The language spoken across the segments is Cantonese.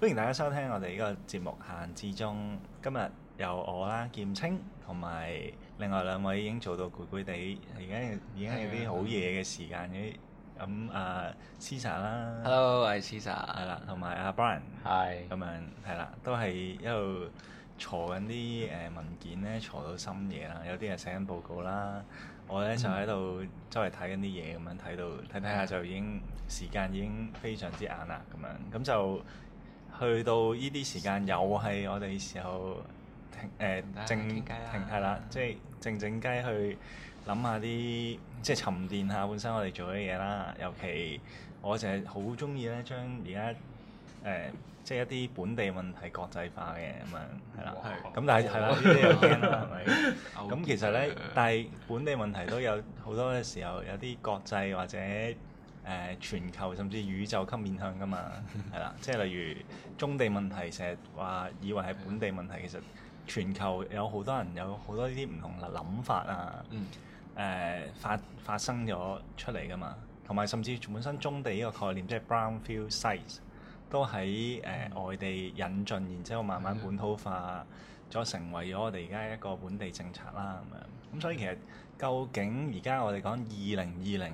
歡迎大家收聽我哋呢個節目《閒之中》，今日由我啦，劍青同埋另外兩位已經做到攰攰地，而家已經有啲好夜嘅時間嘅。咁的、嗯、啊，Caesar 啦，Hello，我係 Caesar，係啦，同埋阿 Brian，係咁樣係啦，都係一路坐緊啲誒文件咧，坐到深夜啦。有啲人寫緊報告啦，我咧、嗯、就喺度周圍睇緊啲嘢，咁樣睇到睇睇下就已經、嗯、時間已經非常之晏啦。咁樣咁就。去到呢啲時間，又係我哋時候停誒靜，係啦、嗯，即係靜靜雞去諗下啲，即係沉澱下本身我哋做嘅嘢啦。尤其我就係好中意咧，將而家誒即係一啲本地問題國際化嘅咁樣，係啦。咁但係係啦，呢啲又驚啦，係咪？咁其實咧，但係本地問題都有好多嘅時候，有啲國際或者，誒、呃、全球甚至宇宙級面向噶嘛，係啦， 即係例如棕地問題成日話以為係本地問題，其實全球有好多人有好多呢啲唔同嘅諗法啊，誒、呃、發發生咗出嚟噶嘛，同埋甚至本身棕地呢個概念，即係 brownfield sites 都喺誒、呃、外地引進，然之後慢慢本土化再 成為咗我哋而家一個本地政策啦咁樣，咁所以其實究竟而家我哋講二零二零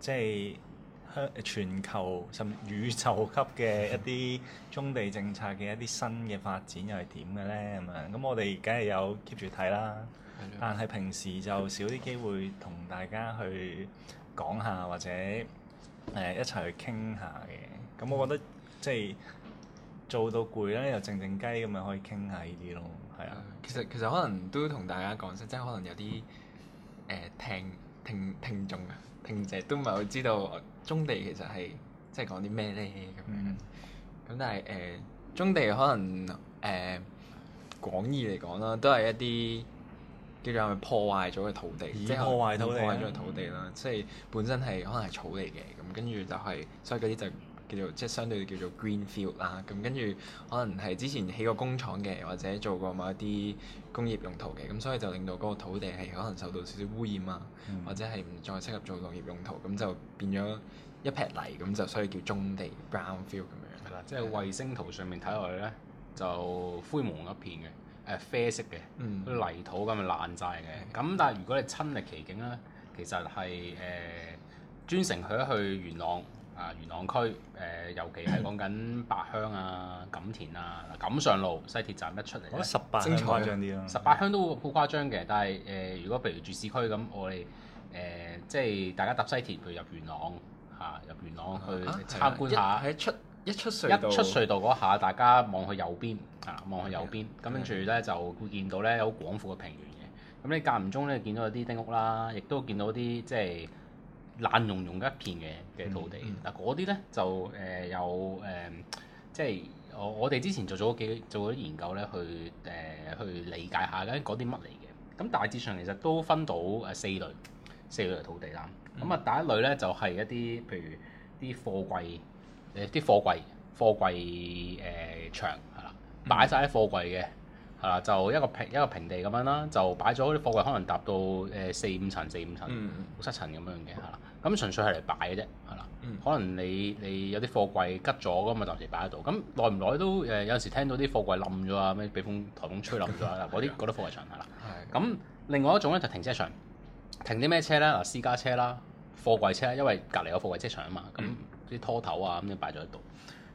即係。全球甚至宇宙級嘅一啲棕地政策嘅一啲新嘅發展又係點嘅呢？咁啊，咁我哋梗係有 keep 住睇啦，的但係平時就少啲機會同大家去講下或者、呃、一齊去傾下嘅。咁我覺得即係做到攰咧，又靜靜雞咁啊，可以傾下呢啲咯，係啊。其實其實可能都同大家講聲，即係可能有啲誒、呃、聽聽聽眾啊聽者都唔係好知道。中地其實係即係講啲咩咧？咁，咁、嗯、但係誒棕地可能誒、呃、廣義嚟講啦，都係一啲叫做係咪破壞咗嘅土地，即係破壞咗嘅土地啦、啊，即係、嗯、本身係可能係草嚟嘅，咁跟住就係、係、所以嗰啲就係。叫做即係相對叫做 green field 啦，咁跟住可能係之前起過工廠嘅，或者做過某一啲工業用途嘅，咁所以就令到嗰個土地係可能受到少少污染啊，嗯、或者係唔再適合做農業用途，咁就變咗一撇泥咁就所以叫棕地 brown field 咁樣。係啦、嗯，即係衛星圖上面睇落去咧，就灰蒙一片嘅，誒、呃、啡色嘅，嗯、泥土咁咪爛晒嘅。咁、嗯、但係如果你親歷其境咧，其實係誒、呃、專程去一去元朗。啊，元朗區，誒、呃、尤其係講緊八鄉啊、錦田啊、錦上路西鐵站一出嚟，十八鄉誇張啲咯，十八鄉都好誇張嘅。嗯、但係誒、呃，如果譬如住市區咁，我哋誒、呃、即係大家搭西鐵譬如入元朗嚇、啊，入元朗去參觀一下。喺、啊、出一出隧一出隧道嗰下，大家望去右邊啊，望去右邊，咁跟住咧就會見到咧好廣闊嘅平原嘅。咁你間唔中咧見到有啲丁屋啦，亦都見到啲即係，爛融融嘅一片嘅嘅土地，嗱嗰啲咧就誒、呃、有誒、呃，即係我我哋之前做咗幾做咗研究咧，去誒、呃、去理解下咧嗰啲乜嚟嘅，咁大致上其實都分到誒四類四類土地啦。咁啊、嗯、第一類咧就係、是、一啲譬如啲貨櫃誒，啲貨櫃貨櫃誒場係啦，擺晒啲貨櫃嘅。係啦，就一個平一個平地咁樣啦，就擺咗啲貨櫃，可能搭到誒、呃、四五層、四五層、六、嗯、七層咁樣嘅係、嗯、啦。咁純粹係嚟擺嘅啫，係啦。嗯、可能你、嗯、你有啲貨櫃吉咗㗎嘛，暫時擺喺度。咁耐唔耐都誒、呃、有陣時聽到啲貨櫃冧咗啊，咩被風颱風吹冧咗嗱？嗰啲嗰啲貨櫃 場係啦。咁， 另外一種咧就係、停車場，停啲咩車咧？嗱私家車啦，貨櫃車，因為隔離有貨櫃車場啊嘛。咁啲拖頭啊咁樣擺咗喺度。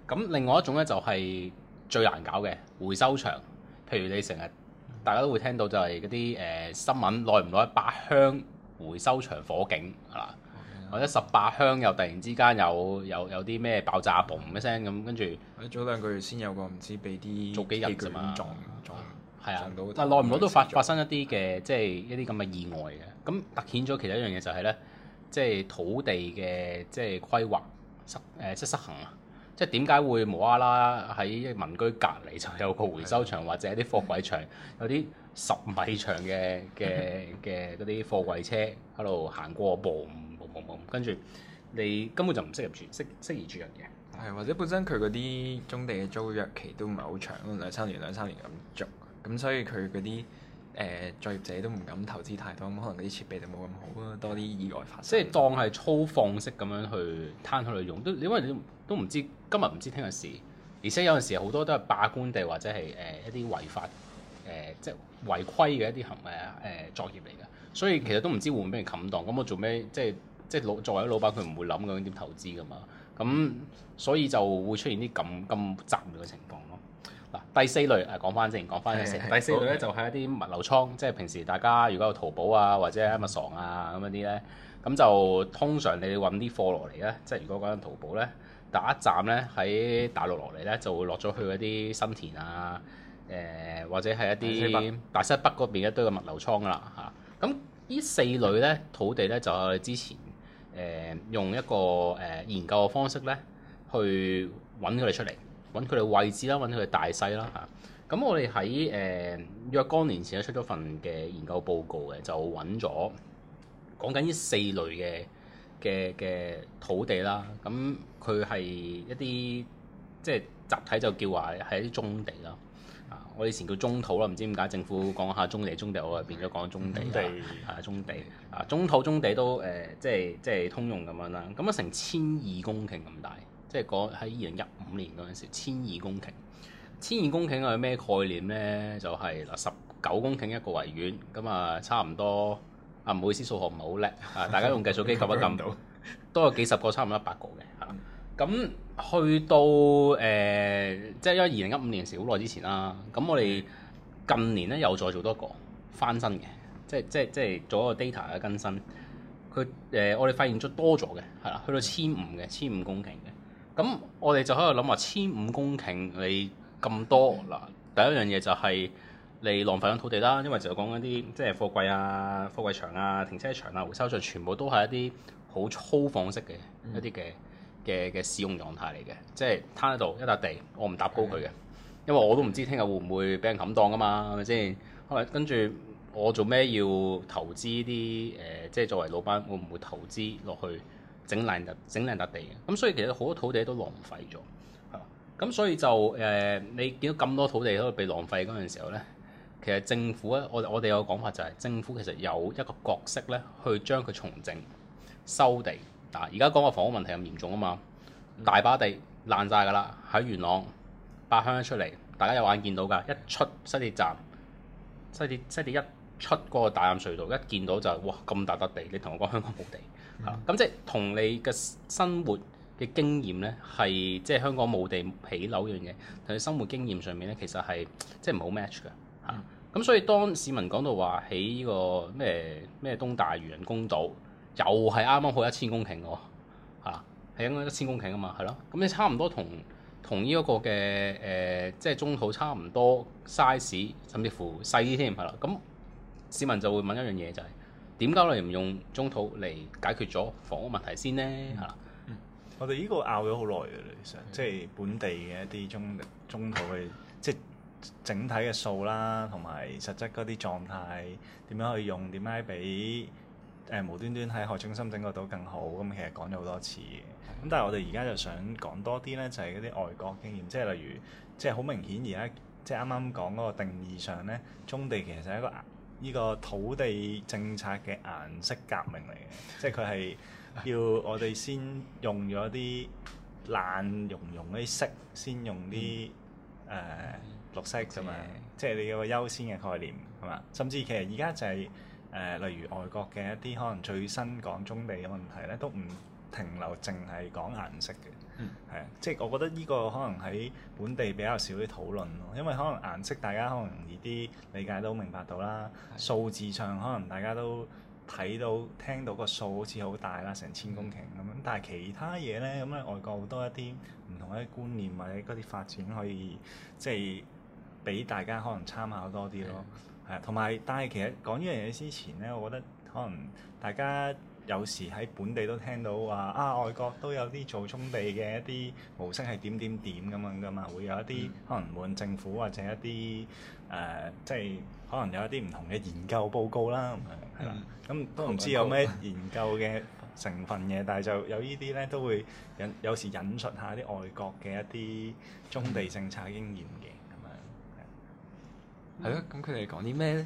咁 另外一種咧就係、係、最難搞嘅回收場。譬如你成日，大家都會聽到就係嗰啲誒新聞，耐唔耐八鄉回收場火警係嘛？Okay. 或者十八鄉又突然之間有有有啲咩爆炸聲，嘣一聲咁，跟住誒，早兩個月先有個唔知俾啲做幾日啫嘛，撞係啊，撞撞的但耐唔耐都發了發生一啲嘅即係一啲咁嘅意外嘅。咁突顯咗其實一樣嘢就係、是、咧，即、就、係、是、土地嘅即係規劃失誒即係失衡啊。呃即係點解會無啦啦喺民居隔離就有個回收場的或者啲貨櫃場，有啲十米長嘅嘅嘅啲貨櫃車喺度行過步，步，步，步。跟住你根本就唔適合住，適適宜住人嘅。係或者本身佢嗰啲棕地嘅租約期都唔係好長，兩三年兩三年咁續，咁所以佢嗰啲。誒作業者都唔敢投資太多，咁可能啲設備就冇咁好，多啲意外發生。即係當係粗放式咁樣去攤開嚟用，都因為你都都唔知今日唔知聽日事，而且有陣時好多都係霸官地或者係誒一啲違法誒、呃、即係違規嘅一啲行誒誒、呃、作業嚟嘅，所以其實都唔知會唔會俾人冚檔。咁我做咩即係即係老作為啲老闆，佢唔會諗咁點投資㗎嘛？咁所以就會出現啲咁咁雜亂嘅情況咯。嗱，第四類誒講翻先，講翻第四的第四類咧，就係一啲物流倉，的即係平時大家如果有淘寶啊或者 Amazon 啊咁一啲咧，咁就通常你揾啲貨落嚟咧，即係如果講緊淘寶咧，第一站咧喺大陸落嚟咧，就會落咗去一啲新田啊，誒、呃、或者係一啲大西北嗰邊一堆嘅物流倉啦嚇。咁呢四類咧土地咧就係之前。誒、嗯、用一個誒、呃、研究嘅方式咧，去揾佢哋出嚟，揾佢哋位置啦，揾佢哋大細啦嚇。咁、啊、我哋喺誒若干年前咧出咗份嘅研究報告嘅，就揾咗講緊呢四類嘅嘅嘅土地啦。咁佢係一啲即係集體就叫話係一啲棕地啦。啊！我以前叫棕土啦，唔知點解政府講下棕地， 棕地我就變咗講棕地啦，啊棕地啊棕土棕地都誒、呃，即係即係通用咁樣啦。咁啊成千二公頃咁大，即係講喺二零一五年嗰陣時，千二公頃，千二公頃係咩概念咧？就係嗱十九公頃一個維園，咁啊差唔多啊，唔好意思，數學唔係好叻啊，大家用計數機撳一撳到，都有幾十個差唔多一百個嘅嚇。咁、啊、去到誒。呃即係因為二零一五年時好耐之前啦，咁我哋近年咧又再做多個翻新嘅，即係即係即係做一個 data 嘅更新。佢誒、呃、我哋發現咗多咗嘅，係啦，去到千五嘅，千五公頃嘅。咁我哋就喺度諗話千五公頃你咁多嗱，嗯、第一樣嘢就係、是、你浪費緊土地啦，因為就講緊啲即係貨櫃啊、貨櫃場啊、停車場啊、回收場，全部都係一啲好粗放式嘅一啲嘅。嗯嘅嘅使用狀態嚟嘅，即係攤喺度一笪地，我唔搭高佢嘅，的因為我都唔知聽日會唔會俾人冚檔噶嘛，係咪先？可能跟住我做咩要投資啲誒、呃，即係作為老闆會唔會投資落去整兩笪整兩笪地？咁所以其實好多土地都浪費咗，咁所以就誒、呃，你見到咁多土地都被浪費嗰陣時候呢，其實政府呢，我我哋有個講法就係、是、政府其實有一個角色呢，去將佢重整收地。嗱，而家講個房屋問題咁嚴重啊嘛，大把地爛晒噶啦，喺元朗八鄉出嚟，大家有眼見到㗎，一出西鐵站，西鐵西鐵一出嗰個大欖隧道，一見到就哇咁大笪地，你同我講香港冇地嚇，咁、嗯、即係同你嘅生活嘅經驗咧，係即係香港冇地起樓嗰樣嘢，同你生活經驗上面咧，其實係即係唔好 match 㗎嚇。咁、嗯、所以當市民講到話喺呢個咩咩東大嶼人工島。又係啱啱好一千公頃喎，嚇係應該一千公頃啊嘛，係咯，咁你差唔多同同呢一個嘅誒、呃，即係棕地差唔多 size，甚至乎細啲添，係啦，咁市民就會問一樣嘢就係、是，點解我哋唔用棕地嚟解決咗房屋問題先呢？嚇，嗯嗯、我哋呢個拗咗好耐嘅啦，其實即係本地嘅一啲棕棕地嘅即係整體嘅數啦，同埋實質嗰啲狀態點樣去用，點解俾？誒，無端端喺海中心整個島更好，咁其實講咗好多次嘅。咁但係我哋而家就想講多啲呢，就係嗰啲外國經驗，即係例如，即係好明顯而家，即係啱啱講嗰個定義上呢，棕地其實係一個呢個土地政策嘅顏色革命嚟嘅， 即係佢係要我哋先用咗啲爛融融啲色，先用啲誒、嗯呃、綠色咁樣，的即係你有個優先嘅概念係嘛？甚至其實而家就係、是。誒、呃，例如外國嘅一啲可能最新港中地嘅問題咧，都唔停留淨係講顏色嘅，係啊、嗯，即係我覺得呢個可能喺本地比較少啲討論咯，因為可能顏色大家可能易啲理解都明白到啦，的數字上可能大家都睇到聽到個數好似好大啦，成千公頃咁樣，但係其他嘢咧，咁咧外國好多一啲唔同嘅觀念或者嗰啲發展可以即係俾大家可能參考多啲咯。同埋，但係其實講呢樣嘢之前咧，我覺得可能大家有時喺本地都聽到話啊，外國都有啲做棕地嘅一啲模式係點點點咁樣噶嘛，會有一啲可能無論政府或者一啲誒、呃、即係可能有一啲唔同嘅研究報告啦，咁樣係啦。咁、啊嗯嗯、都唔知有咩研究嘅成分嘅，嗯、 但係就有呢啲咧都會引有，有時引述下啲外國嘅一啲棕地政策經驗嘅。係咯，咁佢哋講啲咩咧？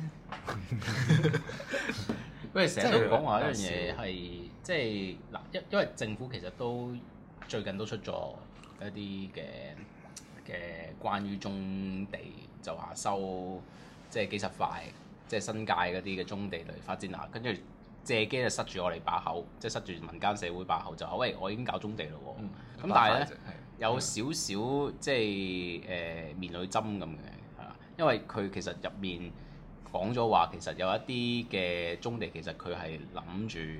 喂， 成日都講話一樣嘢，係即係嗱，因因為政府其實都最近都出咗一啲嘅嘅關於棕地，就話收即係幾十塊，即係新界嗰啲嘅棕地嚟發展啊。跟住借機就塞住我哋把口，即係塞住民間社會把口，就話喂，我已經搞棕地咯。咁但係咧，有少少即係誒、呃、棉裏針咁嘅。因為佢其實入面講咗話，其實有一啲嘅棕地，其實佢係諗住誒，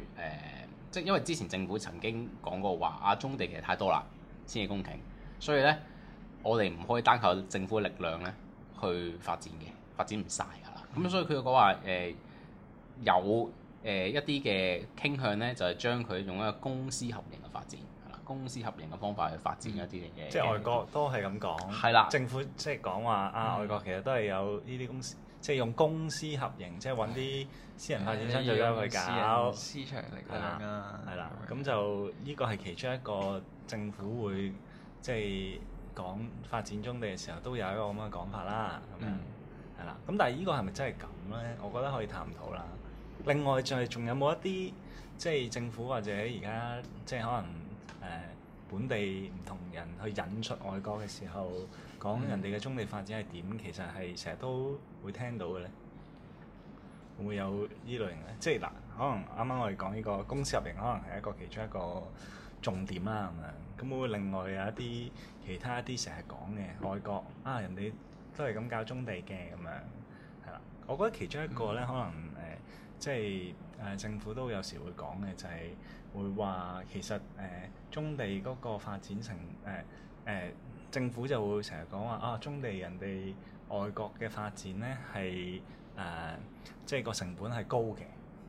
即係因為之前政府曾經講過話啊，棕地其實太多啦，千幾公頃，所以咧我哋唔可以單靠政府嘅力量咧去發展嘅，發展唔晒㗎啦。咁所以佢講話誒有誒、呃、一啲嘅傾向咧，就係將佢用一個公私合營嘅發展。公司合營嘅方法去發展一啲嘢嘅，即係外國都係咁講，係啦，政府即係講話啊。外國其實都係有呢啲公司，即係用公司合營，即係揾啲私人發展商做咗去搞市場嚟講啊，係啦，咁就呢個係其中一個政府會即係講發展棕地嘅時候，都有一個咁嘅講法啦。咁樣係啦，咁但係呢個係咪真係咁咧？我覺得可以探討啦。另外就係仲有冇一啲即係政府或者而家即係可能？本地唔同人去引出外國嘅時候，講人哋嘅棕地發展係點，其實係成日都會聽到嘅咧。會唔會有依類型咧？即係嗱，可能啱啱我哋講呢、這個公私合營，可能係一個其中一個重點啦咁樣。咁會唔會另外有一啲其他一啲成日講嘅外國啊？人哋都係咁搞棕地嘅咁樣，係啦。我覺得其中一個咧，可能誒、呃，即係誒、呃、政府都有時會講嘅就係、是。會話其實誒、呃、棕地嗰個發展成誒誒、呃呃、政府就會成日講話啊，棕地人哋外國嘅發展咧係誒，即係個成本係高嘅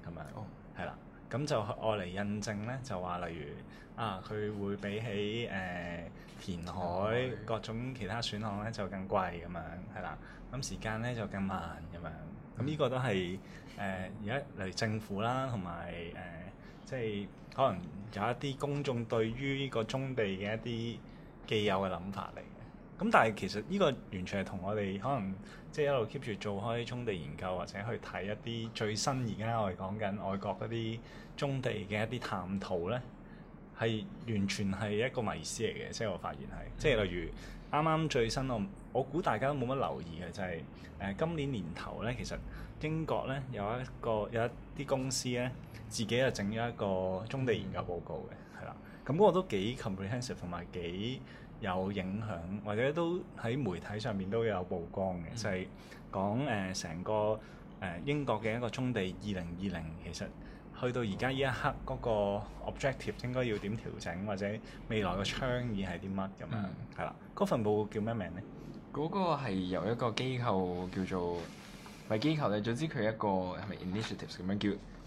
咁樣哦，係啦，咁就愛嚟印證咧就話例如啊，佢會比起誒填、呃、海各種其他選項咧就更貴咁樣，係啦，咁、嗯、時間咧就更慢咁樣，咁呢、嗯、個都係誒而家嚟政府啦同埋誒即係。可能有一啲公眾對於呢個棕地嘅一啲既有嘅諗法嚟嘅，咁但係其實呢個完全係同我哋可能即係一路 keep 住做開棕地研究，或者去睇一啲最新而家我哋講緊外國嗰啲棕地嘅一啲探討咧，係完全係一個迷思嚟嘅。即係我發現係，即係、嗯、例如啱啱最新我我估大家都冇乜留意嘅就係誒今年年頭咧，其實英國咧有一個有一啲公司咧。自己又整咗一個棕地研究報告嘅，係啦、嗯，咁嗰、那個都幾 comprehensive 同埋幾有影響，或者都喺媒體上面都有曝光嘅，嗯、就係講誒成個誒、呃、英國嘅一個棕地二零二零，其實去到而家呢一刻嗰、那個 objective 應該要點調整，或者未來嘅倡議係啲乜咁樣，係啦、嗯，嗰份報告叫咩名呢？嗰個係由一個機構叫做唔係機構咧，你總之佢一個係咪 initiatives 咁樣叫。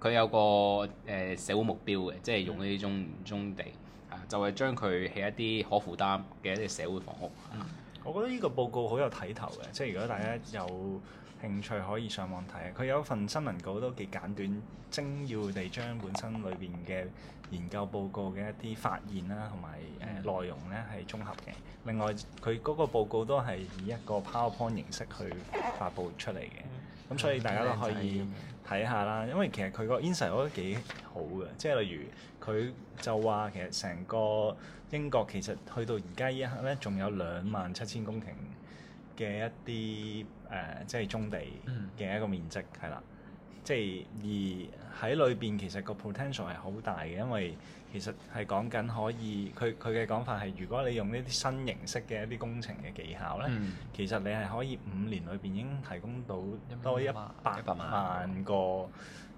佢有個誒、呃、社會目標嘅，即係用呢種棕地，啊就係將佢起一啲可負擔嘅一啲社會房屋。嗯、我覺得呢個報告好有睇頭嘅，即係如果大家有興趣可以上網睇。佢有份新聞稿都幾簡短精要地將本身裏邊嘅研究報告嘅一啲發現啦，同埋誒內容呢係綜合嘅。另外佢嗰個報告都係以一個 PowerPoint 形式去發布出嚟嘅，咁所以大家都可以，睇下啦，因為其實佢個 insight 我覺得幾好嘅，即係例如佢就話其實成個英國其實去到而家依一刻咧，仲有兩萬七千公頃嘅一啲誒即係棕地嘅一個面積係啦。即係而喺裏邊，其實個 potential 係好大嘅，因為其實係講緊可以佢佢嘅講法係，如果你用呢啲新形式嘅一啲工程嘅技巧咧，嗯、其實你係可以五年裏邊已經提供到多一百萬個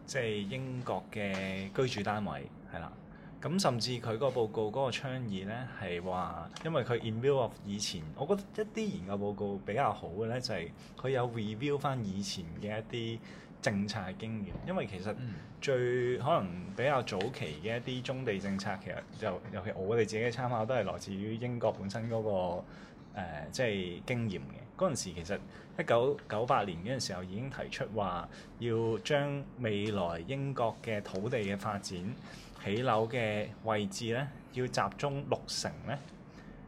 即係英國嘅居住單位係啦。咁甚至佢個報告嗰個倡議咧係話，因為佢 in view of 以前，我覺得一啲研究報告比較好嘅咧就係、是、佢有 review 返以前嘅一啲。政策嘅經驗，因為其實最可能比較早期嘅一啲棕地政策，其實就尤其我哋自己嘅參考都係來自於英國本身嗰個誒，即係經驗嘅。嗰陣時其實一九九八年嗰陣時候已經提出話，要將未來英國嘅土地嘅發展起樓嘅位置咧，要集中六成咧，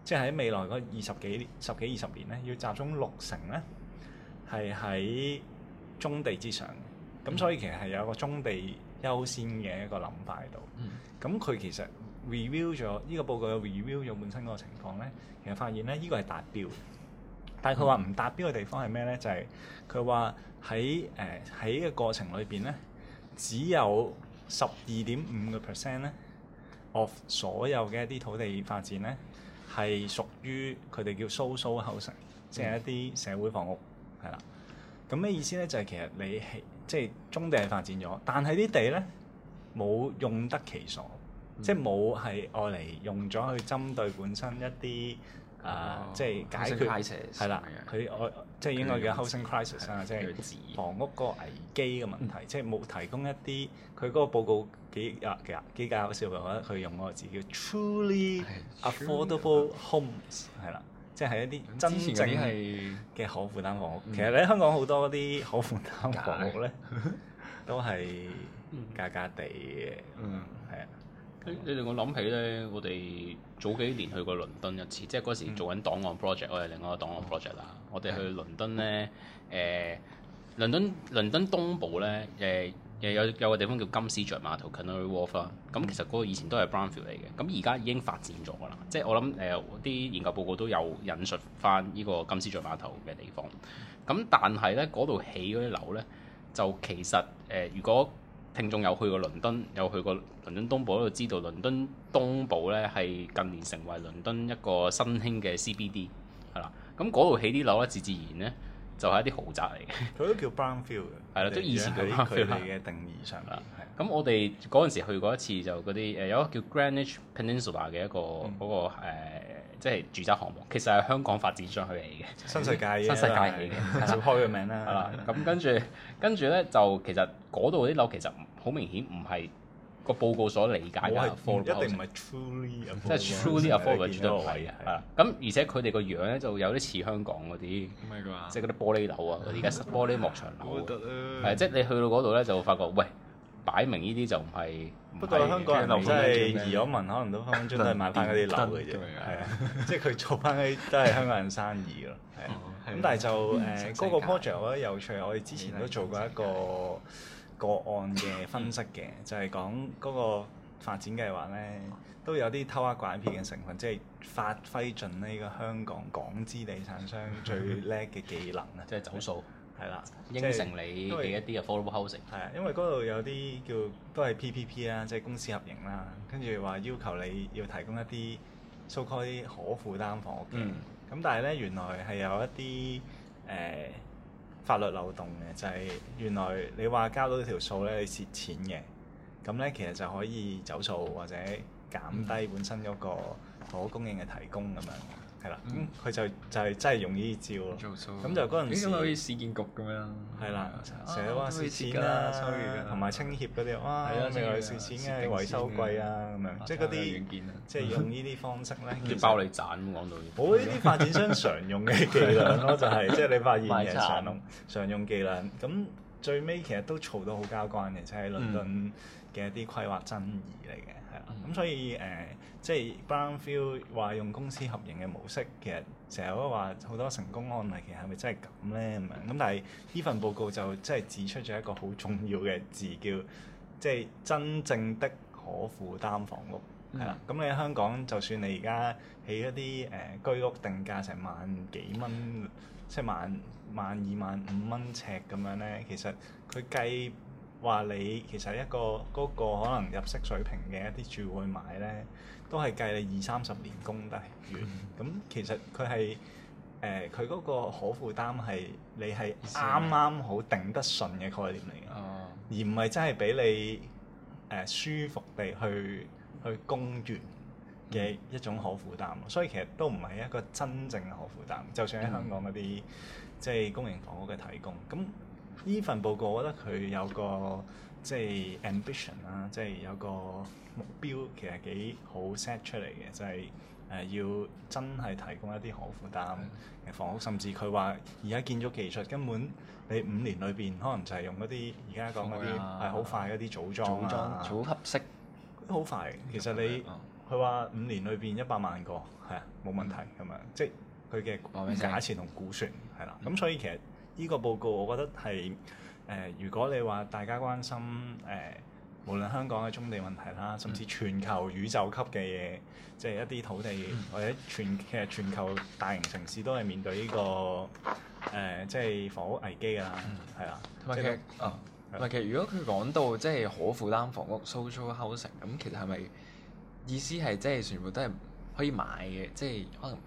即係喺未來嗰二十幾、十幾二十年咧，要集中六成咧，係喺棕地之上，咁所以其實係有一個棕地優先嘅一個諗法度。咁佢其實 review 咗呢個報告嘅 review 咗本身個情況咧，其實發現咧呢個係達標，但係佢話唔達標嘅地方係咩咧？就係佢話，喺誒喺個過程裏邊咧，只有十二點五個 percent 咧，of 所有嘅一啲土地發展咧係屬於佢哋叫 social housing 即係一啲社會房屋，係啦。咁咩意思咧就係、是、其實你係即係中地係發展咗，但係啲地咧冇用得其所，嗯、即係冇係愛嚟用咗去針對本身一啲誒，啊、即係解決係啦。佢我即係應該叫 housing crisis 啊的，的即係房屋個危機嘅問題，嗯、即係冇提供一啲佢嗰個報告幾啊，其實幾搞笑嘅，佢用嗰個字叫 truly affordable homes，係啦。即係一啲真正嘅嘅可負擔項目，其實咧香港好多嗰啲可負擔項目咧，都係格格地嘅，係啊！你令我諗起咧，我哋早幾年去過倫敦一次，即係嗰時做緊檔案 project，我哋另外一個檔案 project 啦。我哋去倫敦咧，誒，倫敦倫敦東部咧，誒。有有個地方叫金絲雀碼頭 （Canary Wharf） 咁，Wolf，其實嗰個以前都係 Brownfield 嚟嘅，咁而家已經發展咗㗎啦。即係我諗誒，啲、呃、研究報告都有引述翻呢個金絲雀碼頭嘅地方。咁但係咧，嗰度起嗰啲樓咧，就其實誒、呃，如果聽眾有去過倫敦，有去過倫敦東部都知道倫敦東部咧係近年成為倫敦一個新興嘅 CBD 係啦。咁嗰度起啲樓咧，自自然咧。就係一啲豪宅嚟嘅，佢都叫 Brownfield 嘅，係 啦 對，即以前嗰佢哋嘅定義上啦。咁我哋嗰陣時去過一次，就嗰啲誒有一個叫 Greenwich Peninsula 嘅一個嗰個、呃嗯、即係住宅項目，其實係香港發展商去起嘅新世界，新世界起嘅吧，吧開個名啦。 咁跟住跟住咧，就其實嗰度啲樓其實好明顯唔係個報告所理解嘅，一定唔係 truly，即係 truly affordable，最多睇啊。咁而且佢哋個樣咧，就有啲似香港嗰啲，即係嗰啲玻璃樓啊，而家玻璃幕牆樓啊。係啊，即係你去到嗰度咧，就發覺喂，擺明呢啲就唔係。不過香港人真係移咗民，可能都分分鐘都係買翻啲樓嘅啫。係啊，即係佢做翻啲都係香港人生意咯。係。咁但係就誒嗰個 project 咧，有趣，我哋之前都做過一個。個案嘅分析嘅，就係、是、講嗰個發展計劃呢，都有啲偷呃拐騙嘅成分，即係發揮盡呢個香港港資地產商最叻嘅技能啊，即係走數。係啦、就是，了應承你嘅一啲嘅 follow housing。係啊，因為嗰度有啲叫都係 PPP 啦，即係公私合營啦，跟住話要求你要提供一啲 so-called 可負擔房屋嘅，咁、嗯、但係呢，原來係有一啲誒。呃法律漏洞嘅就係、是、原來你話交到條數咧，你蝕錢嘅，咁咧其實就可以走數或者減低本身一個可供應嘅提供咁樣。係啦，咁佢就就係真係用呢招咯，咁就嗰陣時好似市建局咁樣，係啦，成日話蝕錢啦，同埋清潔嗰啲，哇，未來蝕錢嘅維修貴啊咁樣，即係嗰啲即係用呢啲方式咧，即係包你賺咁講到，冇呢啲發展商常用嘅技能咯，就係即係你發現嘅常用常用技能。咁最尾其實都嘈到好交關嘅，就係倫敦嘅一啲規劃爭議嚟嘅。咁、嗯、所以誒、呃，即係 Brownfield 話用公司合營嘅模式，其實成日都話好多成功案例，其實係咪真係咁咧咁樣？咁、嗯、但係呢份報告就真係指出咗一個好重要嘅字，叫即係真正的可負擔房屋，係啦。咁、嗯嗯、你喺香港，就算你而家起一啲誒、呃、居屋，定價成萬幾蚊，即係萬萬二萬五蚊尺咁樣咧，其實佢計。話你其實一個嗰、嗰個可能入息水平嘅一啲住戶買呢，都係計你二三十年供底完。咁、嗯嗯、其實佢係誒佢嗰個可負擔係你係啱啱好頂得順嘅概念嚟嘅，啊、而唔係真係俾你、呃、舒服地去去供完嘅一種可負擔。嗯、所以其實都唔係一個真正嘅可負擔。就算喺香港嗰啲、嗯、即係公營房屋嘅提供咁。嗯呢份報告，我覺得佢有個即係 ambition 啦，即係有個目標，其實幾好 set 出嚟嘅，就係誒要真係提供一啲可負擔嘅房屋，甚至佢話而家建築技術根本你五年裏邊可能就係用嗰啲而家講嗰啲係好快嗰啲組裝組裝組合式，都好快。其實你佢話五年裏邊一百萬個係啊冇問題咁樣，即係佢嘅假設同估算係啦。咁所以其實。呢個報告我覺得係誒、呃，如果你話大家關心誒、呃，無論香港嘅棕地問題啦，甚至全球宇宙級嘅嘢，嗯、即係一啲土地、嗯、或者全其實全球大型城市都係面對呢、這個誒、呃，即係房屋危機㗎啦。係啊，同埋其實啊，其實如果佢講到即係可負擔房屋 social housing 咁其實係咪意思係即係全部都係可以買嘅，即、就、係、是、可能？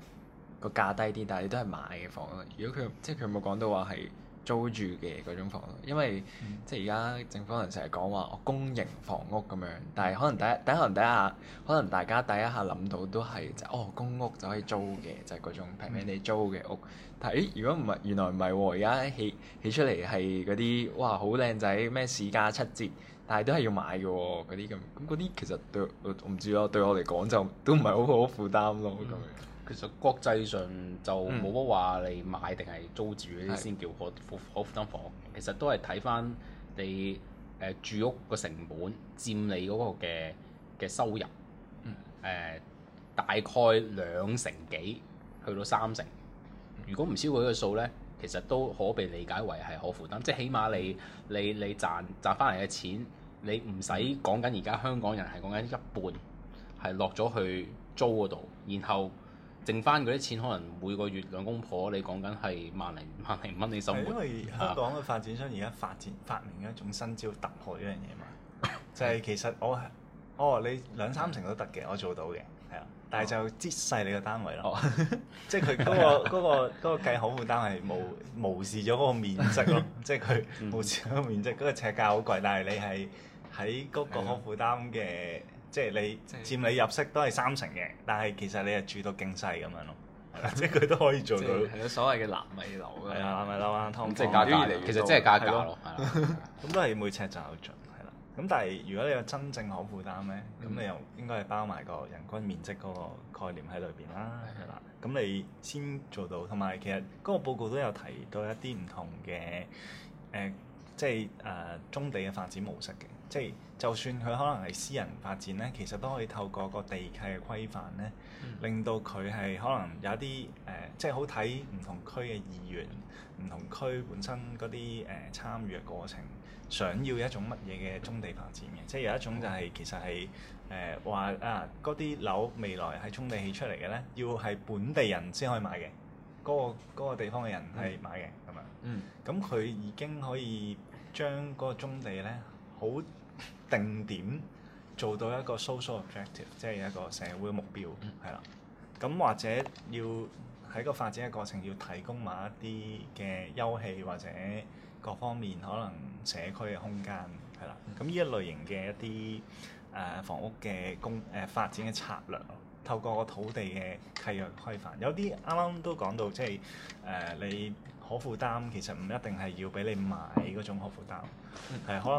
個價低啲，但係你都係買嘅房咯。如果佢即係佢有冇講到話係租住嘅嗰種房咯，因為、嗯、即係而家政府可能成日講話哦公營房屋咁樣，但係可能第一可能第一下可能大家第一下諗到都係就係、哦公屋就可以租嘅，就係、係、嗰種平平地租嘅屋。嗯、但係如果唔係原來唔係喎，而家起起出嚟係嗰啲哇好靚仔咩市價七折，但係都係要買嘅喎嗰啲咁。咁嗰啲其實對我唔知咯，對我嚟講就都唔係好好負擔咯咁樣。其實國際上就冇乜話，你買定係租住嗰啲先叫可負可負擔房。的其實都係睇翻你誒、呃、住屋個成本佔你嗰個嘅嘅收入誒、嗯呃，大概兩成幾去到三成。如果唔超過呢個數咧，其實都可被理解為係可負擔，即係起碼你你你賺賺翻嚟嘅錢，你唔使講緊而家香港人係講緊一半係落咗去租嗰度，然後。剩翻嗰啲錢，可能每個月兩公婆，你講緊係萬零萬零蚊你生活。係因為香港嘅發展商而家發展發明一種新招，突破一樣嘢嘛。 就係其實我哦，你兩三成都得嘅，我做到嘅，係啊。但係就擠細你個單位咯， 即係佢嗰個嗰、嗰個嗰個計可負擔係無無視咗嗰個面積咯，即係佢無視咗面積，嗰、嗰個尺價好貴，但係你係喺嗰個可負擔嘅。 即係你即是佔你入息都係三成嘅，但係其實你係住到勁細咁樣咯，嗯、即係佢都可以做到。即係所謂嘅納米樓嘅。係啦、嗯，納米樓啊，湯哥方。即係加價格。其實即係加價咯，係啦。咁都係每尺就有盡，係啦。咁但係如果你有真正可負擔咧，咁你又應該係包埋個人均面積嗰個概念喺裏邊啦，係啦。咁你先做到，同埋其實嗰個報告都有提到一啲唔同嘅誒、呃，即係誒、呃、中地嘅發展模式嘅。即係就算佢可能係私人發展咧，其實都可以透過個地契嘅規範咧，嗯、令到佢係可能有啲誒，即、呃、係、就是、好睇唔同區嘅議員，唔同區本身嗰啲誒參與嘅過程，想要一種乜嘢嘅棕地發展嘅，即係有一種就係、是、其實係誒話啊，嗰啲樓未來係棕地起出嚟嘅咧，要係本地人先可以買嘅，嗰、那個那個地方嘅人係買嘅咁樣。嗯，咁佢、嗯、已經可以將嗰個棕地咧好。定點做到一個 social objective，即係一個社會目標，係啦、嗯。咁或者要喺個發展嘅過程要提供埋一啲嘅休憩或者各方面可能社區嘅空間，係啦、嗯。咁呢一類型嘅一啲誒、呃、房屋嘅公誒發展嘅策略。透過個土地嘅契約規範，有啲啱啱都講到，即係誒、呃、你可負擔，其實唔一定係要俾你買嗰種可負擔，係、呃、可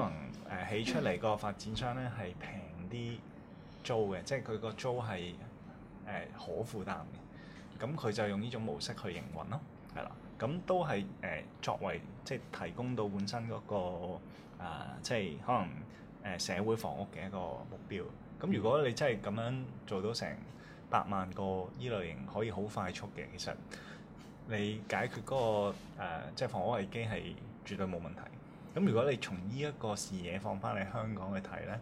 能誒起、呃、出嚟個發展商咧係平啲租嘅，即係佢個租係誒、呃、可負擔嘅，咁佢就用呢種模式去營運咯，係啦，咁都係誒、呃、作為即係提供到本身嗰、嗰個、呃、即係可能誒、呃、社會房屋嘅一個目標。咁如果你真係咁樣做到成百萬個依類型，可以好快速嘅，其實你解決嗰、嗰個、呃、即係防火危機係絕對冇問題。咁如果你從呢一個視野放翻嚟香港去睇咧，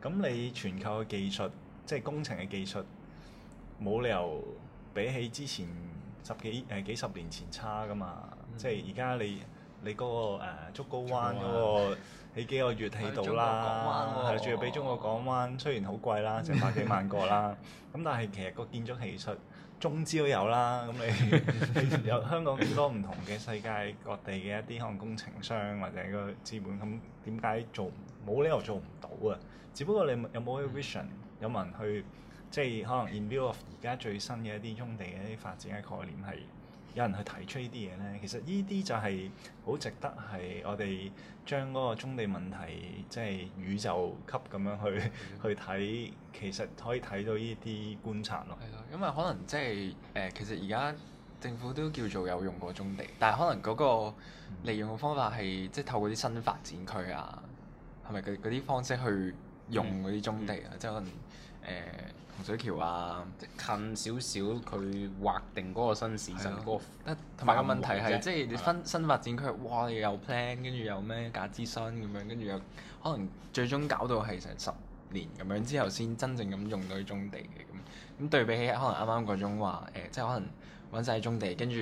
咁你全球嘅技術，即係工程嘅技術，冇理由比起之前十幾誒幾十年前差噶嘛。嗯、即係而家你你嗰個竹篙灣嗰個。呃你幾個月起到啦，係仲要俾中國港灣，的港灣雖然好貴啦，成百幾萬個啦，咁 但係其實個建築技術，中招都有啦。咁你， 你有香港咁多唔同嘅世界各地嘅一啲可能工程商或者個資本，咁點解做冇理由做唔到啊？只不過你有冇一個 vision， 有冇人去即係、就是、可能 in view of 而家最新嘅一啲棕地嘅一啲發展嘅概念係？有人去提出呢啲嘢呢，其實呢啲就係好值得係我哋將嗰個棕地問題，即係宇宙級咁樣去、嗯、去睇，其實可以睇到呢啲觀察咯。係咯，因為可能即係誒，其實而家政府都叫做有用過棕地，但係可能嗰個利用嘅方法係、嗯、即係透過啲新發展區啊，係咪佢啲方式去用嗰啲棕地啊？嗯嗯、即係可能。誒、欸、洪水橋啊，即近少少，佢劃定嗰個新市鎮嗰、啊、個，同埋個問題係，即係是、啊、你分新發展區，哇，你有 plan 跟住有咩假諮詢咁樣，跟住又可能最終搞到係成十年咁樣之後，先真正咁用到啲棕地嘅。咁對比起可能啱啱嗰種話、欸、即係可能揾晒啲棕地，跟住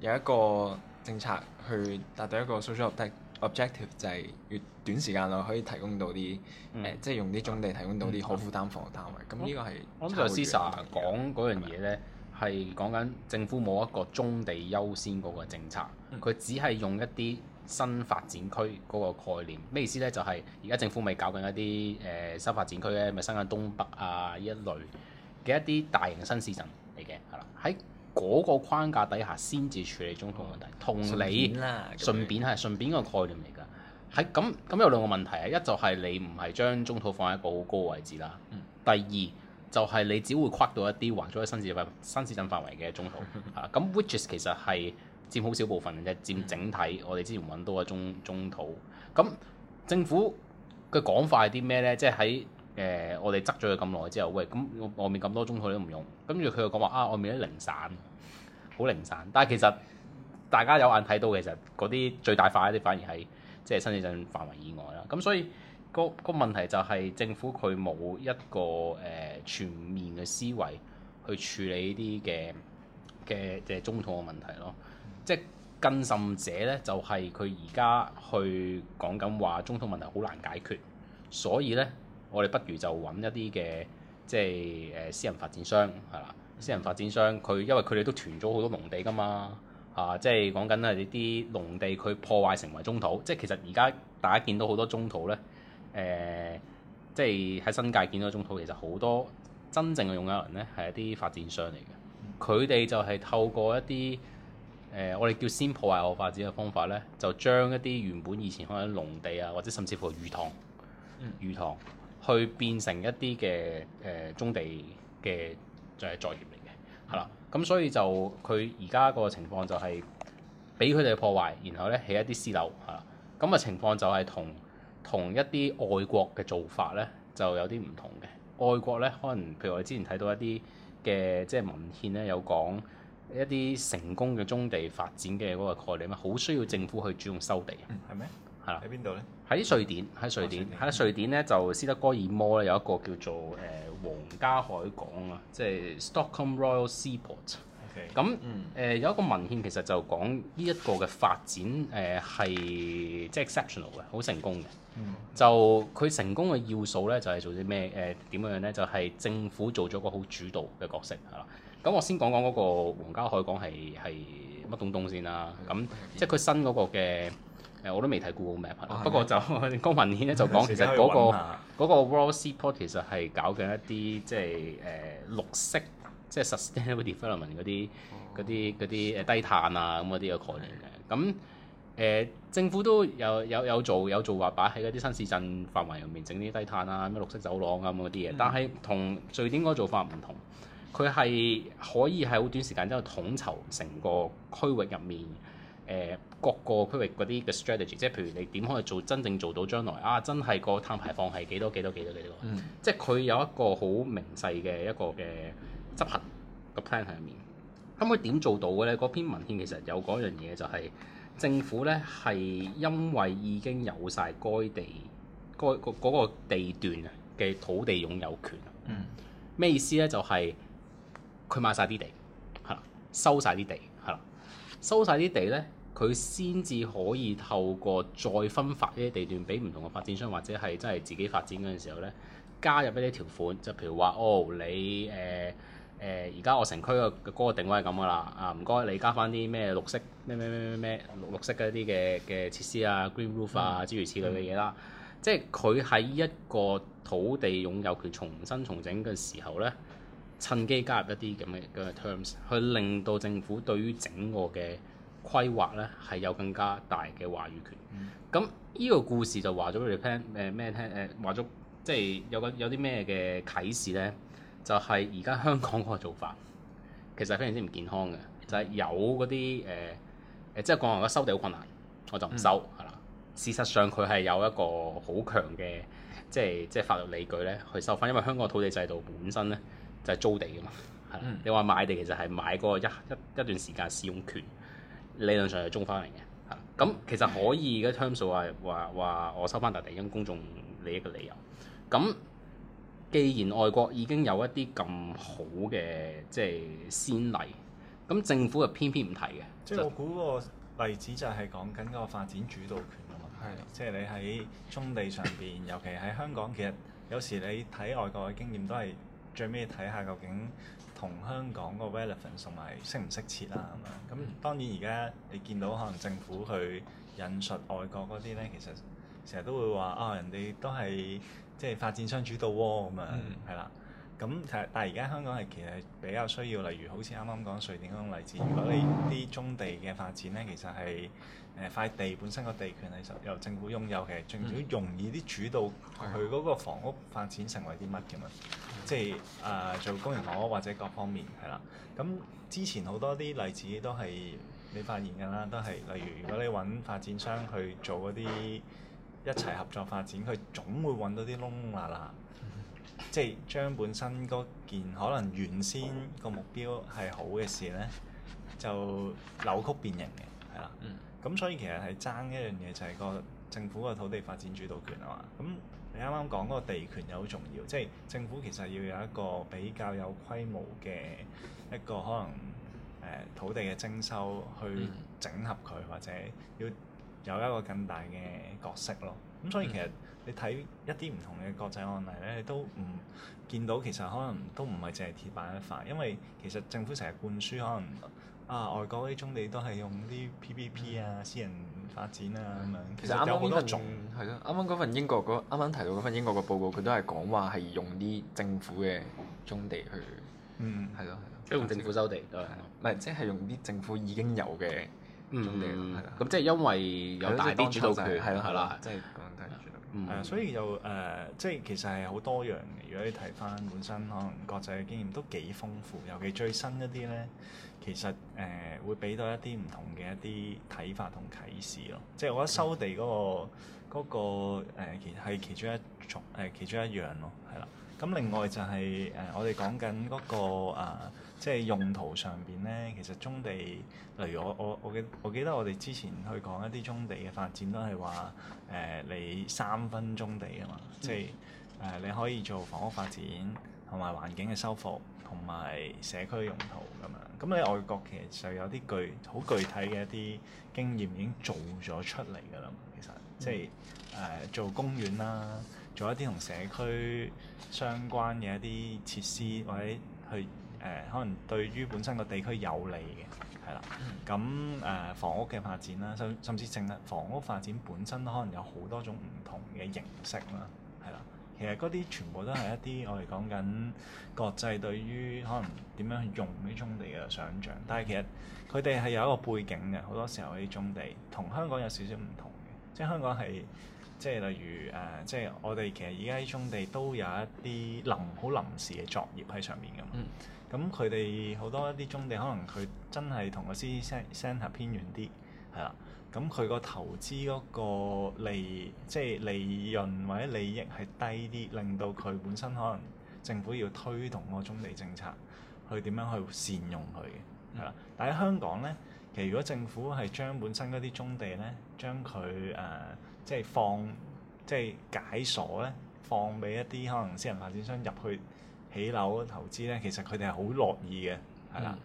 有一個政策去達到一個數字目的。objective 就係越短時間內可以提供到啲誒、嗯呃，即係用啲棕地提供到啲可負擔房嘅單位。咁呢個係。啱先 Caesar 講嗰樣嘢咧，係講緊政府冇一個棕地優先嗰個政策，佢、嗯、只係用一啲新發展區嗰個概念。咩意思咧？就係而家政府咪搞緊一啲誒、呃、新發展區咧，咪新界東北啊呢一類嘅一啲大型新市鎮嚟嘅，係啦，係。嗰個框架底下先至處理棕地問題，同、嗯、你順便係樣順便個概念嚟㗎。喺咁咁有兩個問題啊，一就係你唔係將棕地放喺一個好高嘅位置啦。第二就係你只會誇到一啲橫咗喺新市新市鎮範圍嘅棕地嚇。咁、 啊、whiches 其實係佔好少部分嘅啫，佔整體 我哋之前揾到嘅棕棕地。咁政府嘅講法係啲咩呢？即係喺誒、呃，我哋執咗佢咁耐之後，喂，咁、嗯、外面咁多棕地都唔用，跟住佢又講話啊，外面啲零散，好零散。但係其實大家有眼睇到其實嗰啲最大化一啲，反而係即係新市鎮範圍以外啦。咁所以個、那個問題就係政府佢冇一個誒、呃、全面嘅思維去處理啲嘅嘅嘅棕地嘅問題咯。即係更甚者咧，就係佢而家去講緊話棕地問題好難解決，所以咧。我哋不如就揾一啲嘅，即係誒私人發展商係啦。私人發展商佢因為佢哋都囤咗好多農地㗎嘛，啊，即係講緊係呢啲農地佢破壞成為棕地。即係其實而家大家見到好多棕地咧，誒、呃，即係喺新界見到棕地，其實好多真正嘅擁有人咧係一啲發展商嚟嘅。佢哋就係透過一啲誒、呃，我哋叫先破壞後發展嘅方法咧，就將一啲原本以前可能農地啊，或者甚至乎魚塘、嗯、魚塘，去變成一啲嘅誒棕地嘅就係作業嚟嘅，係啦，咁 所以就佢而家個情況就係俾佢哋破壞，然後咧起一啲私樓，係啦，咁、那、啊、個、情況就係同同一啲外國嘅做法咧就有啲唔同嘅，外國咧可能譬如我哋之前睇到一啲嘅即係文獻咧有講一啲成功嘅棕地發展嘅嗰個概念咧，好需要政府去主動收地，嗯，係咩？係啦，喺邊度咧？喺瑞典，喺瑞典，喺、哦、瑞典咧、嗯、就斯德哥爾摩咧有一個叫做誒皇、呃、家海港啊，即係 Stockholm、ok、Royal Seaport。咁誒有一個文獻其實就講呢一個嘅發展誒係即係 exceptional 嘅，好、呃就是、成功嘅、嗯。就佢成功嘅要素咧就係做啲咩誒點樣樣咧？就係、是、政府做咗個好主導嘅角色係啦。咁我先講講嗰個皇家海港係係乜東東先啦。咁即係佢新嗰個嘅。誒、呃、我都未睇 Google Map 不過就嗰份文咧就講，其實嗰、那個 World Support 其實係搞緊一啲即係誒綠色，即係 sustainable development 嗰啲嗰啲啲誒低碳啊咁嗰啲嘅概念嘅。咁誒的、呃、政府都有有有做有做話擺喺嗰啲新市鎮範圍入面整啲低碳啊咩綠色走廊啊，咁嗰啲嘢，嗯、但係同瑞典嗰做法唔同，佢係可以喺好短時間之後統籌成個區域入面誒。呃各個區域嗰啲嘅 strategy，即係譬如你點可以做真正做到將來啊？真係個碳排放係幾多幾多幾多幾多？嗯、即係佢有一個好明細嘅一個嘅執行個 plan 喺入面。咁佢點做到嘅咧？嗰篇文獻其實有嗰樣嘢就係、係、政府咧係因為已經有晒該地該嗰、嗰個地段啊嘅土地擁有權。咩意思咧？就係、係、佢買晒啲地，係啦，收晒啲地，係啦，收晒啲地咧。佢先至可以透過再分發呢啲地段俾唔同嘅發展商，或者係真係自己發展嗰陣時候咧，加入一啲條款，就譬如話哦，你誒誒而家我城區嘅嘅個定位係咁噶啦，啊唔該你加返啲咩綠色咩咩咩咩綠綠色嗰啲嘅嘅設施啊，green roof 啊諸、嗯、如此類嘅嘢啦，嗯、即係佢喺一個土地擁有權重新重整嘅時候咧，趁機加入一啲咁嘅嘅 terms，去令到政府對於整個嘅規劃咧係有更加大嘅話語權。咁呢、嗯、個故事就 plan、呃呃、話咗俾你聽，誒咩聽誒話咗，即係有個有啲咩嘅啟示咧，就係而家香港嗰個做法其實非常之唔健康嘅，就係、是、有嗰啲誒誒，即係講話我收地好困難，我就唔收係啦、嗯。事實上佢係有一個好強嘅即係即係法律理據咧去收翻，因為香港土地制度本身咧就係、是、租地㗎嘛，係、嗯、你話買地其實係買嗰個一一一段時間使用權。理論上係中翻嚟嘅，嚇咁其實可以，嘅、嗯。如果湯數話話話我收翻地地因公眾利益嘅理由，咁既然外國已經有一啲咁好嘅即係先例，咁政府又偏偏唔提嘅，即係、嗯、就我估個例子就係講緊個發展主導權嘅問題，即係的你喺中地上邊，尤其喺香港，其實有時你睇外國嘅經驗都係最尾睇下究竟。同香港個 relevant 同埋適唔適切啦、啊，咁樣咁當然而家你見到可能政府去引述外國嗰啲咧，其實成日都會話啊、哦，人哋都係即係發展商主導喎、啊，咁啊係啦。咁其實但係而家香港係其實比較需要，例如好似啱啱講瑞典嗰種例子，如果你啲棕地嘅發展咧，其實係誒塊地本身個地權係由政府擁有，其實最要容易啲主導佢嗰個房屋發展成為啲乜嘅嘛。即係誒、呃、做工人房屋，或者各方面係啦，咁之前好多啲例子都係你發現㗎啦，都係例如如果你揾發展商去做嗰啲一齊合作發展，佢總會揾到啲窿窿罅罅，嗯、即係將本身嗰件可能原先個目標係好嘅事呢，就扭曲變形嘅，係啦。嗯咁所以其實係爭一樣嘢，就係、是、個政府個土地發展主導權啊嘛。咁你啱啱講嗰個地權又好重要，即係政府其實要有一個比較有規模嘅一個可能、呃、土地嘅徵收去整合佢，或者要有一個更大嘅角色咯。咁所以其實你睇一啲唔同嘅國際案例呢，你都唔見到其實可能都唔係淨係鐵板一塊，因為其實政府成日灌輸可能。啊！外國啲棕地都係用啲 P P P 啊，私人發展啊咁樣。其實啱啱多種係咯，啱啱嗰份英國啱啱提到份英國個報告，佢都係講話係用啲政府嘅棕地去，嗯，係咯，即係用政府收地，唔係即係用啲政府已經有嘅棕地，係啦、嗯。咁即係因為有大啲主導權，係咯係啦，即係講大主導。嗯對，所以又，誒，即係、呃、其實係好多樣嘅。如果你睇翻本身可能國際嘅經驗都幾豐富，尤其最新一啲咧。其實誒、呃、會俾到一啲唔同嘅一啲睇法同啟示咯，即係我覺得收地嗰、那個嗰、那個呃、其係其中一種誒、呃、其中一樣咯，係啦。咁另外就係、是、誒、呃、我哋講緊嗰、那個啊、呃，即係用途上邊咧，其實棕地例如我我我記我記得我哋之前去講一啲棕地嘅發展都係話誒你三分棕地啊嘛，即係、嗯。誒、呃，你可以做房屋發展同埋環境嘅修復，同埋社區用途咁樣。咁咧，外國其實就有啲具好具體嘅一啲經驗已經做咗出嚟㗎喇。其實，即係誒、呃、做公園啦，做一啲同社區相關嘅一啲設施，或者去誒、呃、可能對於本身個地區有利嘅，係啦。咁誒、呃、房屋嘅發展啦，就甚至淨係房屋發展本身，可能有好多種唔同嘅形式啦。其實嗰啲全部都係一啲我哋講緊國際對於可能點樣去用呢種地嘅想像，但係其實佢哋係有一個背景嘅，好多時候呢種地同香港有少少唔同嘅，即係香港係即係例如誒、呃，即係我哋其實而家呢種地都有一啲臨好臨時嘅作業喺上面㗎嘛。咁佢哋好多一啲種地，可能佢真係同個 city centre 偏遠啲，係啦、嗯。咁佢個投資嗰個利，即係利潤或者利益係低啲，令到佢本身可能政府要推動嗰個棕地政策，去點樣去善用佢嘅，係啦。但喺香港咧，其實如果政府係將本身嗰啲棕地咧，將佢誒即係放，即係解鎖咧，放俾一啲可能私人發展商入去起樓投資咧，其實佢哋係好樂意嘅，係啦，吧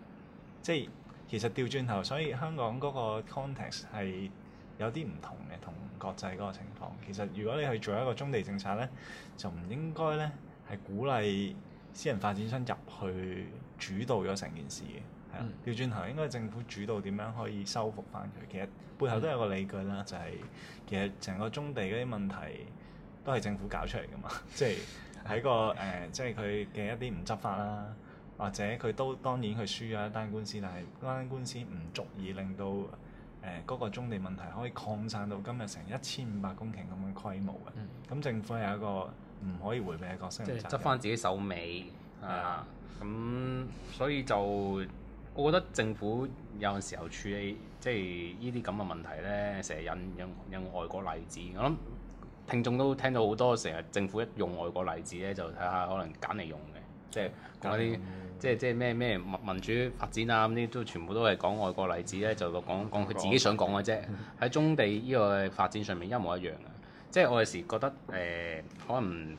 即係。其實調轉頭，所以香港嗰個 context 係有啲唔同嘅，同國際嗰個情況。其實如果你去做一個棕地政策咧，就唔應該咧係鼓勵私人發展商入去主導咗成件事嘅，係啊。調轉頭應該政府主導點樣可以收復返佢。其實背後都有個理據啦，就係、是、其實成個棕地嗰啲問題都係政府搞出嚟㗎嘛，即係喺個誒，即係佢嘅一啲唔執法啦。或者佢都當然佢輸咗一單官司，但係嗰單官司唔足以令到誒嗰、呃嗰個棕地問題可以擴散到今日成一千五百公頃咁嘅規模嘅。咁、嗯、政府係一個唔可以回避嘅角色，即是，即執翻自己手尾係的啊。咁所以就我覺得政府有陣時候處理即係呢啲咁嘅問題咧，成日引引引外國例子。我諗聽眾都聽到好多成日政府一用外國例子咧，就睇下可能揀嚟用嘅，即係講啲。即係即係咩咩民主發展啊咁啲都全部都係講外國例子咧，就講講佢自己想講嘅啫。喺棕地呢個發展上面一模一樣啊！即係我有時覺得誒、呃，可能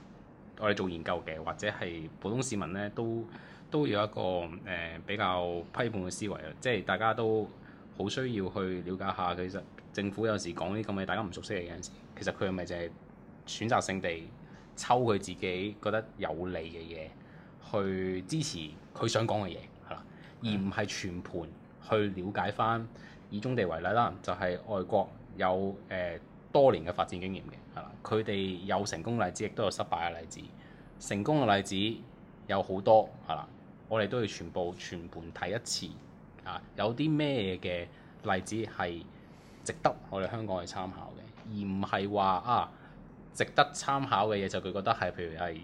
我哋做研究嘅或者係普通市民咧，都都有一個誒、呃、比較批判嘅思維啊！即係大家都好需要去了解下，其實政府有時講啲咁嘅，大家唔熟悉嘅嘢，其實佢係咪就係選擇性地抽佢自己覺得有利嘅嘢？去支持佢想講嘅嘢，係啦，而唔係全盤去了解翻。以棕地為例啦，就係、是、外國有誒、呃、多年嘅發展經驗嘅，係啦，佢哋有成功例子亦都有失敗嘅例子。成功嘅例子有好多，係啦，我哋都要全部全盤睇一次啊。有啲咩嘅例子係值得我哋香港去參考嘅，而唔係話啊值得參考嘅嘢就佢覺得係譬如係。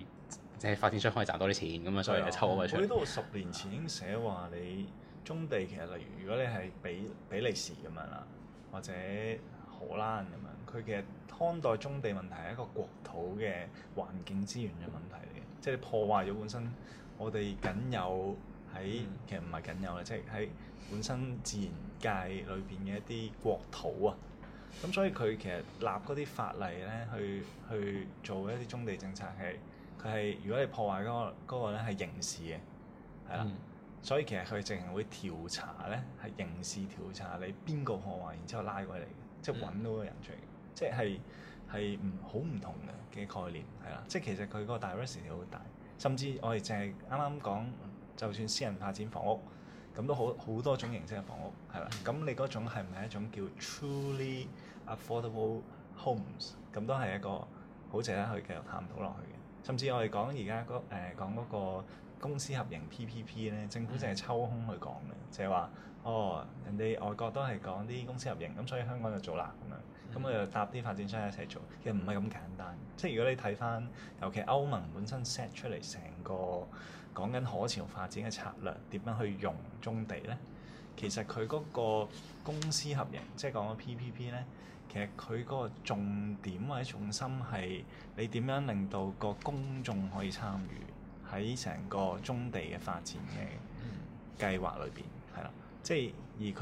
你發展商可以賺多啲錢咁啊，所以你抽咗咪出嚟。我都十年前已經寫話，你棕地其實，例如如果你係比比利時咁樣啦，或者荷蘭咁樣，佢其實看待棕地問題係一個國土嘅環境資源嘅問題嚟嘅。即係破壞咗本身我哋僅有喺、嗯、其實唔係僅有嘅，即係喺本身自然界裏邊嘅一啲國土啊。咁所以佢其實立嗰啲法例咧，去去做一啲棕地政策係。但係如果你破壞、嗰個、嗰個咧，係刑事嘅，係啦，嗯、所以其實佢淨係會調查咧，係刑事調查你邊個破壞，然之後拉過嚟，即係揾到個人出嚟、嗯，即係係唔好唔同嘅嘅概念係啦。即係其實佢個 diversity 好大，甚至我哋淨係啱啱講就算私人發展房屋，咁都好好多種形式嘅房屋係啦。咁、嗯、你嗰種係係唔係一種叫 truly affordable homes？咁都係一個好值得去繼續探討落去。甚至我哋講而家嗰誒講嗰個公私合營 PPP 咧，政府凈係抽空去講啦，就係、是、話哦，人哋外國都係講啲公私合營，咁所以香港就做啦咁樣，咁、嗯嗯、我就搭啲發展商一齊做，其實唔係咁簡單，即係如果你睇翻，尤其歐盟本身 set 出嚟成個講緊可持續發展嘅策略，點樣去用棕地咧，其實佢嗰個公私合營，即係講個 PPP 咧。其實佢個重點或者重心係你點樣令到個公眾可以參與，喺成個棕地嘅發展嘅計劃裏邊，係啦，即係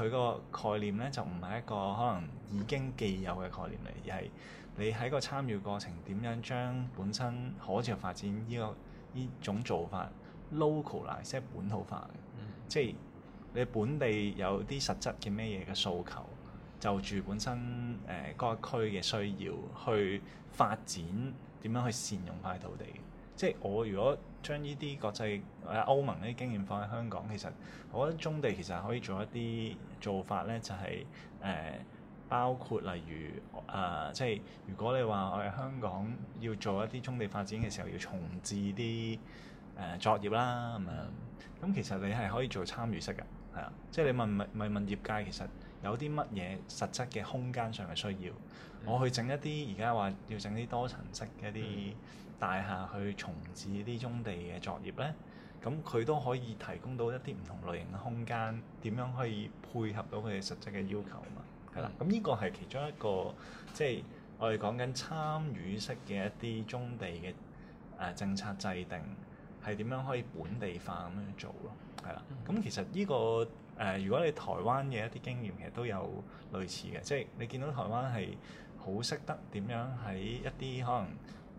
而佢個概念咧就唔係一個可能已經既有嘅概念嚟，而係你喺個參與過程點樣將本身可持續發展呢、呢個呢種做法 localize，即係本土化嘅，mm hmm. 即係你本地有啲實質嘅咩嘢嘅訴求。就住本身誒、呃那個區嘅需要去發展，點樣去善用塊土地，即係我如果將呢啲國際誒歐盟啲經驗放喺香港，其實我覺得棕地其實可以做一啲做法咧，就係、是、誒、呃、包括例如誒、呃、即係如果你話我喺香港要做一啲棕地發展嘅時候，要重置啲誒、呃、作業啦，咁樣咁其實你係可以做參與式嘅，係啊，即係你問問問問業界其實。有啲乜嘢實質嘅空間上嘅需要，我去整一啲而家話要整啲多層式嘅一啲大廈，去重置啲棕地嘅作業咧，咁佢都可以提供到一啲唔同類型嘅空間，點樣可以配合到佢哋實質嘅要求啊嘛？係啦，咁呢個係其中一個，即係我哋講緊參與式嘅一啲棕地嘅誒、呃、政策制定係點樣可以本地化咁樣做咯？係啦，咁其實呢個。誒、呃，如果你台灣嘅一啲經驗其實都有類似嘅，即係你見到台灣係好識得點樣喺一啲可能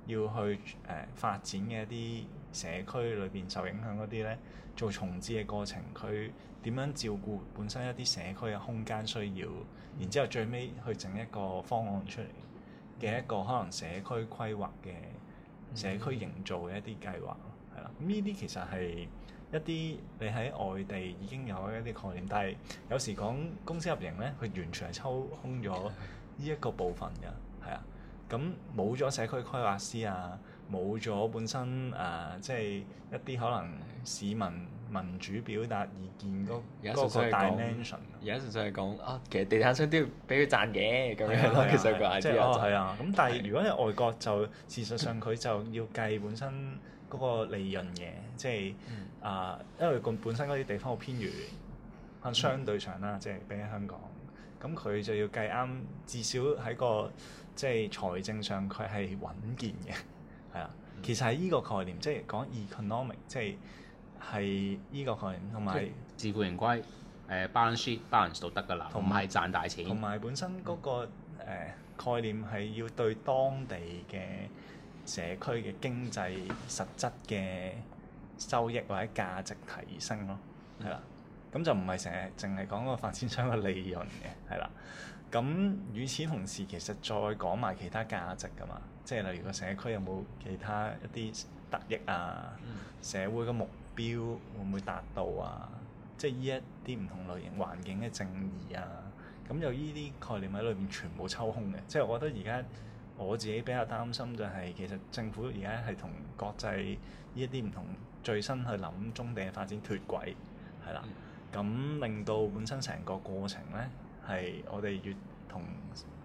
要去誒、呃、發展嘅一啲社區裏邊受影響嗰啲咧，做重置嘅過程，佢點樣照顧本身一啲社區嘅空間需要，嗯、然之後最尾去整一個方案出嚟嘅一個可能社區規劃嘅社區營造嘅一啲計劃，係啦、嗯，咁呢啲其實係。一啲你喺外地已經有一啲概念，但係有時講公私合營咧，佢完全係抽空咗呢一個部分㗎，係啊，咁冇咗社區規劃師啊，冇咗本身誒，即係一啲可能市民民主表達意見嗰嗰個大 dimension 而家純粹係講啊，其實地產商都要俾佢賺嘅咁樣咯，啊啊、其實個意思就係、是哦、啊，咁但係如果喺外國就、啊、事實上佢就要計本身。嗰個利潤嘅，即係、嗯、啊，因為佢本身嗰啲地方好偏遠，喺相對上啦，嗯、即係比起香港，咁佢就要計啱，至少喺個即係財政上佢係穩健嘅，係啊，嗯、其實係依個概念，即係講 economic、嗯、即係係依個概念，同埋自負盈虧，誒、呃、balance sheet, balance 都得㗎啦，同埋唔係賺大錢，同埋、嗯、本身嗰、嗰個、呃呃、概念係要對當地嘅。社區嘅經濟實質嘅收益或者價值提升咯，係啦、嗯，咁就唔係成日淨係講個發展商嘅利潤嘅，係啦，咁與此同時，其實再講埋其他價值噶嘛，即係例如個社區有冇其他一啲得益啊？嗯、社會嘅目標會唔會達到啊？即係呢一啲唔同類型環境嘅正義啊，咁就呢啲概念喺裏面全部抽空嘅，即係我覺得而家。我自己比較擔心就係、是，其實政府而家係同國際呢一啲唔同，最新去諗棕地發展脫軌，係啦，咁、嗯、令到本身成個過程咧，係我哋越同。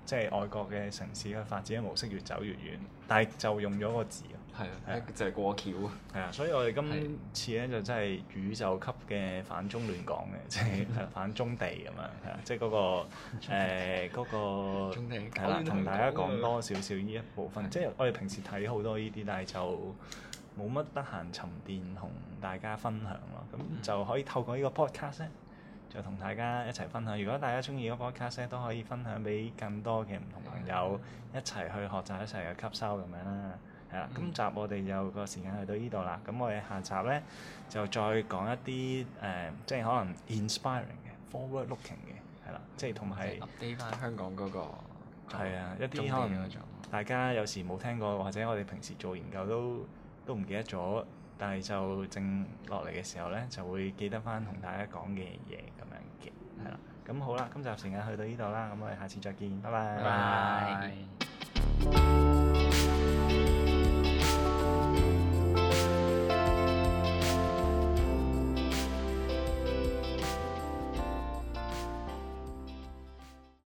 即係外國嘅城市嘅發展嘅模式越走越遠，但係就用咗個字啊，係啊，就係過橋啊，係啊，所以我哋今次咧、啊、就真係宇宙級嘅反棕亂港嘅，即係、啊、反棕地咁樣啊，係啊，即係嗰個誒嗰個棕地係啦，同大家講多少少呢一部分，即係、嗯啊、我哋平時睇好多呢啲，但係就冇乜得閒沉澱同大家分享咯，咁就可以透過個呢個 podcast。就同大家一齊分享。如果大家中意個 podcast 都可以分享俾更多嘅唔同朋友 Yeah. 一齊去學習，一齊去吸收咁樣啦。係啦，今集我哋有個時間去到呢度啦。咁我哋下集呢，就再講一啲、呃、即係可能 inspiring 嘅、forward looking 嘅，係啦，即係同埋記翻香港嗰個係啊，一啲可能大家有時冇聽過，或者我哋平時做研究都都唔記得咗，但係就正落嚟嘅時候呢，就會記得翻同大家講嘅嘢。咁好啦，今集時間去到呢度啦，咁我哋下次再見，拜拜。